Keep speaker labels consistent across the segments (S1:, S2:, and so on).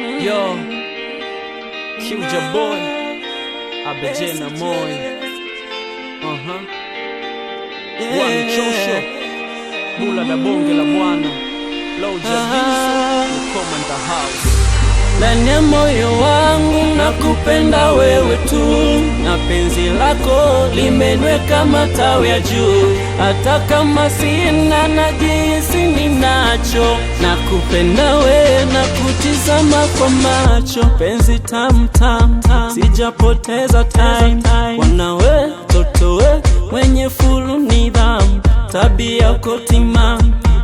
S1: Yo, Killed boy Abeje na Moy Aha Bwana Chosho Mula da bonge la bwana Loja come in the house
S2: Ndani ya moyo wangu nakupenda wewe tu na penzi lako limenweka matawi ya juu, hata kama sina na jinsi ninacho, nakupenda wewe kutizama kwa macho penzi tam tam, sijapoteza time wanawe totowe mwenye fulu nidhamu tabia kotimam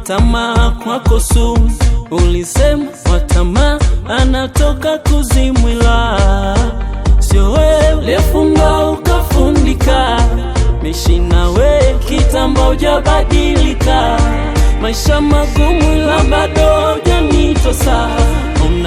S2: tamaa kwako sumu ulisema tamaa anatoka kuzimwila sio wewe uliyefunga ukafundika mishina we kitamba ujabadilika maisha magumu la bado ujanitosa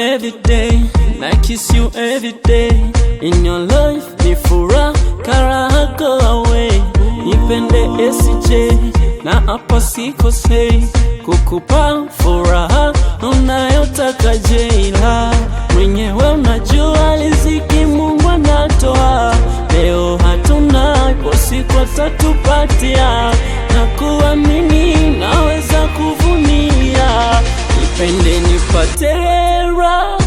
S3: every day na kiss you every day in your life ni furaha go away. nipende sj na hapa sikosei kukupa furaha unayotaka jeila mwenyewe unajua riziki Mungu anatoa leo hatuna kwa tatupatia for terror.